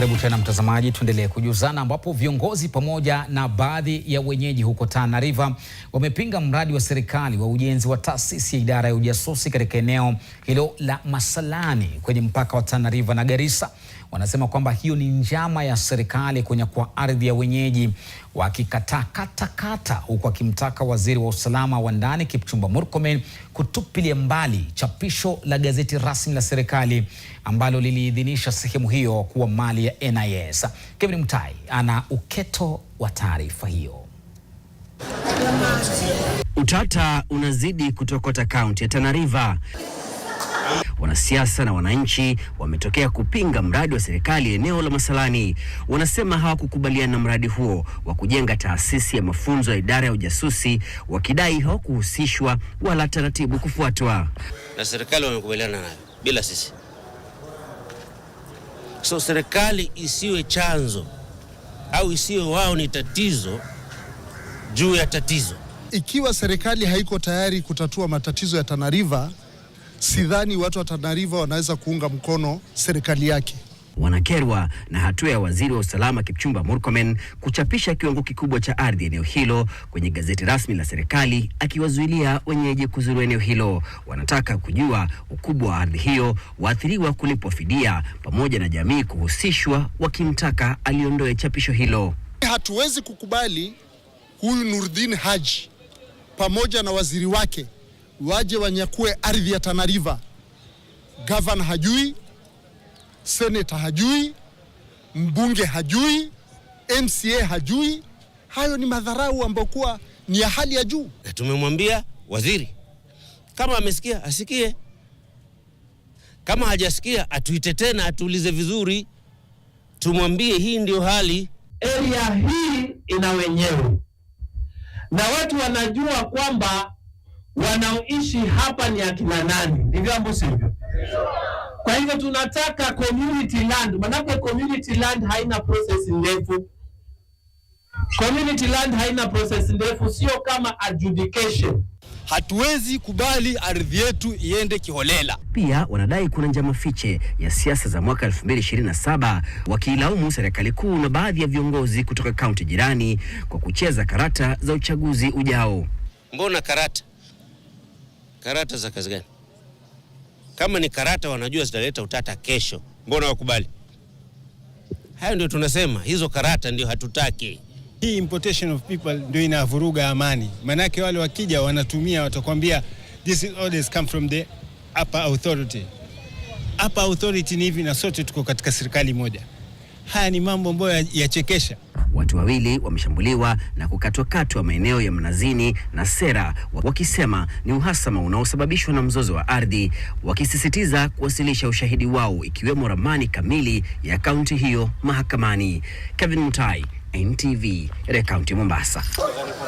Karibu tena mtazamaji, tuendelee kujuzana, ambapo viongozi pamoja na baadhi ya wenyeji huko Tana River wamepinga mradi wa serikali wa ujenzi wa taasisi ya idara ya ujasusi katika eneo hilo la Masalani kwenye mpaka wa Tana River na Garissa. Wanasema kwamba hiyo ni njama ya serikali kwa ardhi ya wenyeji, wakikataa katakata, huku akimtaka waziri wa usalama wa ndani Kipchumba Murkomen kutupilia mbali chapisho la gazeti rasmi la serikali ambalo liliidhinisha sehemu hiyo kuwa mali ya NIS. Kevin Mutai ana uketo wa taarifa hiyo. Utata unazidi kutokota kaunti ya Tana River. Wanasiasa na wananchi wametokea kupinga mradi wa serikali eneo la Masalani. Wanasema hawakukubaliana na mradi huo wa kujenga taasisi ya mafunzo ya idara ya ujasusi, wakidai hawakuhusishwa wala taratibu kufuatwa na serikali. Wamekubaliana nayo bila sisi So serikali isiwe chanzo au isiwe wao ni tatizo juu ya tatizo. Ikiwa serikali haiko tayari kutatua matatizo ya Tana River, sidhani watu wa Tana River wanaweza kuunga mkono serikali yake. Wanakerwa na hatua ya waziri wa usalama Kipchumba Murkomen kuchapisha kiwango kikubwa cha ardhi eneo hilo kwenye gazeti rasmi la serikali, akiwazuilia wenyeji kuzuru eneo hilo. Wanataka kujua ukubwa wa ardhi hiyo, waathiriwa kulipwa fidia, pamoja na jamii kuhusishwa, wakimtaka aliondoe chapisho hilo. Hatuwezi kukubali huyu Nurdin Haji pamoja na waziri wake waje wanyakue ardhi ya tanariva Gavana hajui seneta hajui, mbunge hajui, MCA hajui. Hayo ni madharau ambayo kuwa ni ya hali ya juu. Eh, tumemwambia waziri kama amesikia asikie, kama hajasikia atuite tena, atuulize vizuri, tumwambie hii ndio hali. Area hii ina wenyewe na watu wanajua kwamba wanaoishi hapa ni akina nani, ndivyo ambavyo sivyo? hivyo tunataka community land, manake community land haina process ndefu. Community land haina process ndefu, sio kama adjudication. Hatuwezi kubali ardhi yetu iende kiholela. Pia wanadai kuna njama fiche ya siasa za mwaka 2027 wakiilaumu serikali kuu na baadhi ya viongozi kutoka kaunti jirani kwa kucheza karata za uchaguzi ujao. Mbona karata? Karata za kazi gani? Kama ni karata wanajua zitaleta utata kesho, mbona wakubali? Hayo ndio tunasema, hizo karata ndio hatutaki. Hii importation of people ndio inavuruga amani, maanake wale wakija wanatumia, watakwambia is orders come from the upper authority. Upper authority ni hivi, na sote tuko katika serikali moja. Haya ni mambo ambayo yachekesha watu wawili wameshambuliwa na kukatwakatwa maeneo ya Mnazini na Sera, wakisema ni uhasama unaosababishwa na mzozo wa ardhi, wakisisitiza kuwasilisha ushahidi wao ikiwemo ramani kamili ya kaunti hiyo mahakamani. Kevin Mutai, NTV, kaunti Mombasa.